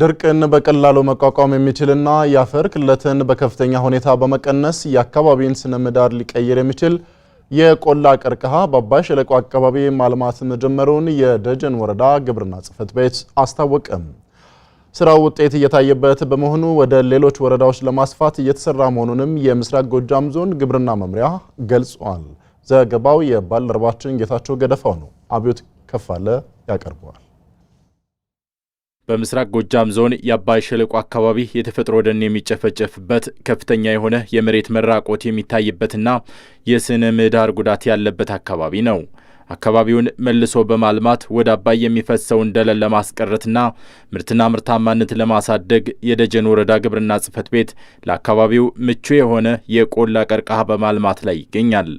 ድርቅን በቀላሉ መቋቋም የሚችልና የአፈር ክለትን በከፍተኛ ሁኔታ በመቀነስ የአካባቢን ስነ ምህዳር ሊቀይር የሚችል የቆላ ቀርከሃ በአባይ ሸለቆ አካባቢ ማልማት መጀመሩን የደጀን ወረዳ ግብርና ጽሕፈት ቤት አስታወቀም። ስራው ውጤት እየታየበት በመሆኑ ወደ ሌሎች ወረዳዎች ለማስፋት እየተሰራ መሆኑንም የምስራቅ ጎጃም ዞን ግብርና መምሪያ ገልጿል። ዘገባው የባልደረባችን ጌታቸው ገደፋው ነው። አብዮት ከፋለ ያቀርበዋል። በምስራቅ ጎጃም ዞን የአባይ ሸለቆ አካባቢ የተፈጥሮ ደን የሚጨፈጨፍበት ከፍተኛ የሆነ የመሬት መራቆት የሚታይበትና የስነ ምህዳር ጉዳት ያለበት አካባቢ ነው። አካባቢውን መልሶ በማልማት ወደ አባይ የሚፈሰውን ደለል ለማስቀረትና ምርትና ምርታማነት ለማሳደግ የደጀን ወረዳ ግብርና ጽሕፈት ቤት ለአካባቢው ምቹ የሆነ የቆላ ቀርቀሃ በማልማት ላይ ይገኛል።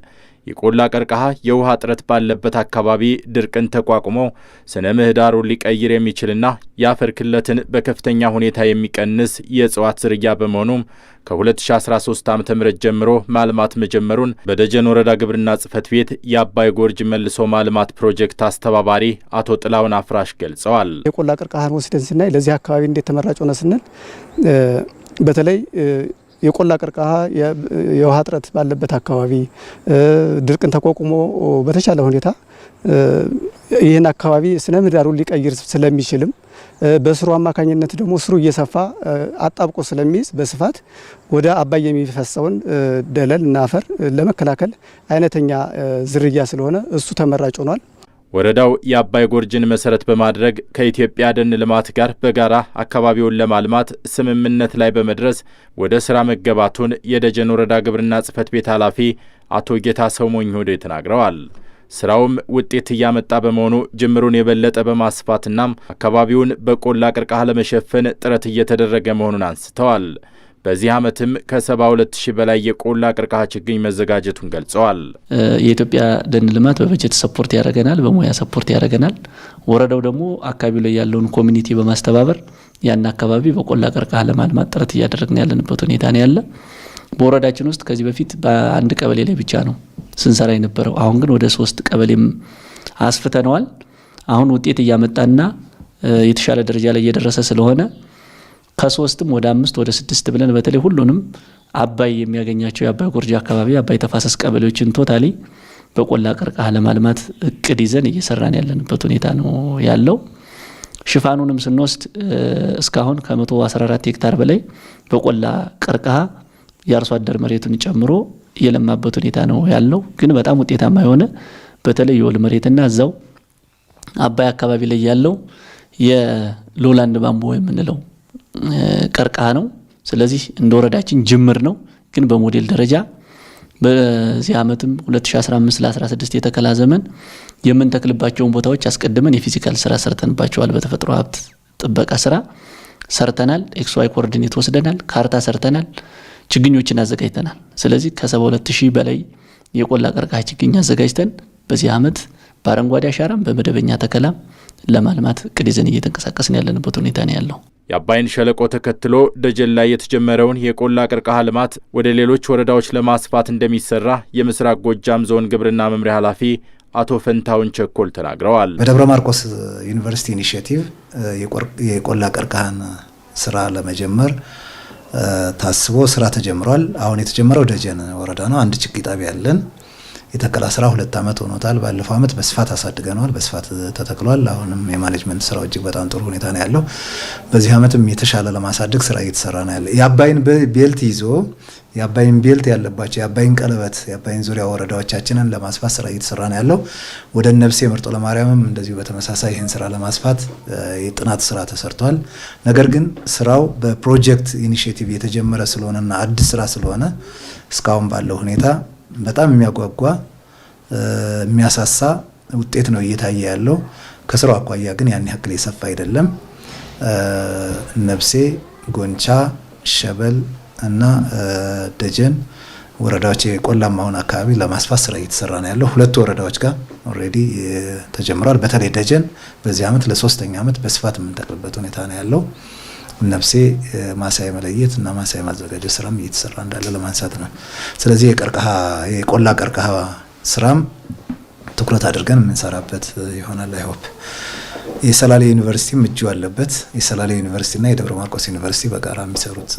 የቆላ ቀርቀሃ የውሃ እጥረት ባለበት አካባቢ ድርቅን ተቋቁሞ ስነ ምህዳሩን ሊቀይር የሚችልና የአፈር ክለትን በከፍተኛ ሁኔታ የሚቀንስ የእጽዋት ዝርያ በመሆኑም ከ2013 ዓ ም ጀምሮ ማልማት መጀመሩን በደጀን ወረዳ ግብርና ጽህፈት ቤት የአባይ ጎርጅ መልሶ ማልማት ፕሮጀክት አስተባባሪ አቶ ጥላውን አፍራሽ ገልጸዋል። የቆላ ቀርቀሃን ወስደን ስናይ ለዚህ አካባቢ እንዴት ተመራጭ ሆነ ስንል በተለይ የቆላ ቀርቀሃ የውሃ እጥረት ባለበት አካባቢ ድርቅን ተቋቁሞ በተቻለ ሁኔታ ይህን አካባቢ ስነ ምህዳሩን ሊቀይር ስለሚችልም በስሩ አማካኝነት ደግሞ ስሩ እየሰፋ አጣብቆ ስለሚይዝ በስፋት ወደ አባይ የሚፈሰውን ደለል እና አፈር ለመከላከል አይነተኛ ዝርያ ስለሆነ እሱ ተመራጭ ሆኗል። ወረዳው የአባይ ጎርጅን መሰረት በማድረግ ከኢትዮጵያ ደን ልማት ጋር በጋራ አካባቢውን ለማልማት ስምምነት ላይ በመድረስ ወደ ስራ መገባቱን የደጀን ወረዳ ግብርና ጽህፈት ቤት ኃላፊ አቶ ጌታ ሰውሞኝ ሆዴ ተናግረዋል። ስራውም ውጤት እያመጣ በመሆኑ ጅምሩን የበለጠ በማስፋትና አካባቢውን በቆላ ቅርቃህ ለመሸፈን ጥረት እየተደረገ መሆኑን አንስተዋል። በዚህ ዓመትም ከ 72000 በላይ የቆላ ቅርቃሃ ችግኝ መዘጋጀቱን ገልጸዋል። የኢትዮጵያ ደን ልማት በበጀት ሰፖርት ያደርገናል፣ በሙያ ሰፖርት ያደርገናል። ወረዳው ደግሞ አካባቢው ላይ ያለውን ኮሚኒቲ በማስተባበር ያን አካባቢ በቆላ ቅርቃሃ ለማልማት ጥረት እያደረግን ያለንበት ሁኔታ ነው ያለ። በወረዳችን ውስጥ ከዚህ በፊት በአንድ ቀበሌ ላይ ብቻ ነው ስንሰራ የነበረው። አሁን ግን ወደ ሶስት ቀበሌም አስፍተነዋል። አሁን ውጤት እያመጣና የተሻለ ደረጃ ላይ እየደረሰ ስለሆነ ከሶስትም ወደ አምስት ወደ ስድስት ብለን በተለይ ሁሉንም አባይ የሚያገኛቸው የአባይ ጎርጃ አካባቢ አባይ ተፋሰስ ቀበሌዎችን ቶታሊ በቆላ ቀርቀሃ ለማልማት እቅድ ይዘን እየሰራን ያለንበት ሁኔታ ነው ያለው። ሽፋኑንም ስንወስድ እስካሁን ከ114 ሄክታር በላይ በቆላ ቀርቀሃ የአርሶ አደር መሬቱን ጨምሮ እየለማበት ሁኔታ ነው ያለው። ግን በጣም ውጤታማ የሆነ በተለይ የወል መሬትና እዛው አባይ አካባቢ ላይ ያለው የሎላንድ ባምቦ የምንለው ቀርቃ ነው። ስለዚህ እንደ ወረዳችን ጅምር ነው፣ ግን በሞዴል ደረጃ በዚህ ዓመትም 2015 ለ16 የተከላ ዘመን የምንተክልባቸውን ቦታዎች አስቀድመን የፊዚካል ስራ ሰርተንባቸዋል። በተፈጥሮ ሀብት ጥበቃ ስራ ሰርተናል። ኤክስዋይ ኮኦርዲኔት ወስደናል። ካርታ ሰርተናል። ችግኞችን አዘጋጅተናል። ስለዚህ ከ72 ሺህ በላይ የቆላ ቀርቃ ችግኝ አዘጋጅተን በዚህ ዓመት በአረንጓዴ አሻራም በመደበኛ ተከላም ለማልማት ቅድ ይዘን እየተንቀሳቀስን ያለንበት ሁኔታ ነው ያለው። የአባይን ሸለቆ ተከትሎ ደጀን ላይ የተጀመረውን የቆላ ቀርከሃ ልማት ወደ ሌሎች ወረዳዎች ለማስፋት እንደሚሰራ የምስራቅ ጎጃም ዞን ግብርና መምሪያ ኃላፊ አቶ ፈንታውን ቸኮል ተናግረዋል። በደብረ ማርቆስ ዩኒቨርሲቲ ኢኒሽቲቭ የቆላ ቀርቀሃን ስራ ለመጀመር ታስቦ ስራ ተጀምሯል። አሁን የተጀመረው ደጀን ወረዳ ነው። አንድ ችግኝ ጣቢያ ያለን የተከላ ስራ ሁለት ዓመት ሆኖታል። ባለፈው ዓመት በስፋት አሳድገነዋል፣ በስፋት ተተክሏል። አሁንም የማኔጅመንት ስራው እጅግ በጣም ጥሩ ሁኔታ ነው ያለው። በዚህ ዓመትም የተሻለ ለማሳደግ ስራ እየተሰራ ነው ያለ የአባይን ቤልት ይዞ የአባይን ቤልት ያለባቸው የአባይን ቀለበት የአባይን ዙሪያ ወረዳዎቻችንን ለማስፋት ስራ እየተሰራ ነው ያለው። ወደ ነብሴ ምርጦ ለማርያምም እንደዚሁ በተመሳሳይ ይህን ስራ ለማስፋት የጥናት ስራ ተሰርቷል። ነገር ግን ስራው በፕሮጀክት ኢኒሽቲቭ የተጀመረ ስለሆነና አዲስ ስራ ስለሆነ እስካሁን ባለው ሁኔታ በጣም የሚያጓጓ የሚያሳሳ ውጤት ነው እየታየ ያለው። ከስራው አኳያ ግን ያን ያክል የሰፋ አይደለም። ነብሴ፣ ጎንቻ፣ ሸበል እና ደጀን ወረዳዎች የቆላማውን አካባቢ ለማስፋት ስራ እየተሰራ ነው ያለው። ሁለቱ ወረዳዎች ጋር ኦልሬዲ ተጀምሯል። በተለይ ደጀን በዚህ ዓመት ለሶስተኛ ዓመት በስፋት የምንጠቅልበት ሁኔታ ነው ያለው። ነብሴ ማሳ መለየት እና ማሳ ማዘጋጀት ስራም እየተሰራ እንዳለ ለማንሳት ነው። ስለዚህ የቀርቀሃ የቆላ ቀርቀሃ ስራም ትኩረት አድርገን የምንሰራበት ይሆናል። አይሆፕ የሰላሌ ዩኒቨርሲቲም እጁ አለበት። የሰላሌ እና የደብረ ማርቆስ ዩኒቨርሲቲ በጋራ የሚሰሩት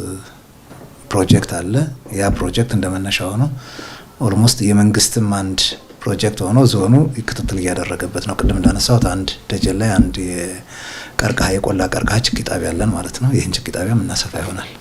ፕሮጀክት አለ። ያ ፕሮጀክት እንደመነሻ ሆኖ ኦልሞስት የመንግስትም አንድ ፕሮጀክት ሆኖ ዞኑ ክትትል እያደረገበት ነው። ቅድም እንዳነሳሁት አንድ ደጀን ላይ አንድ የቀርቀሃ የቆላ ቀርቀሃ ችግኝ ጣቢያ አለን ማለት ነው። ይህን ችግኝ ጣቢያ የምናሰፋ ይሆናል።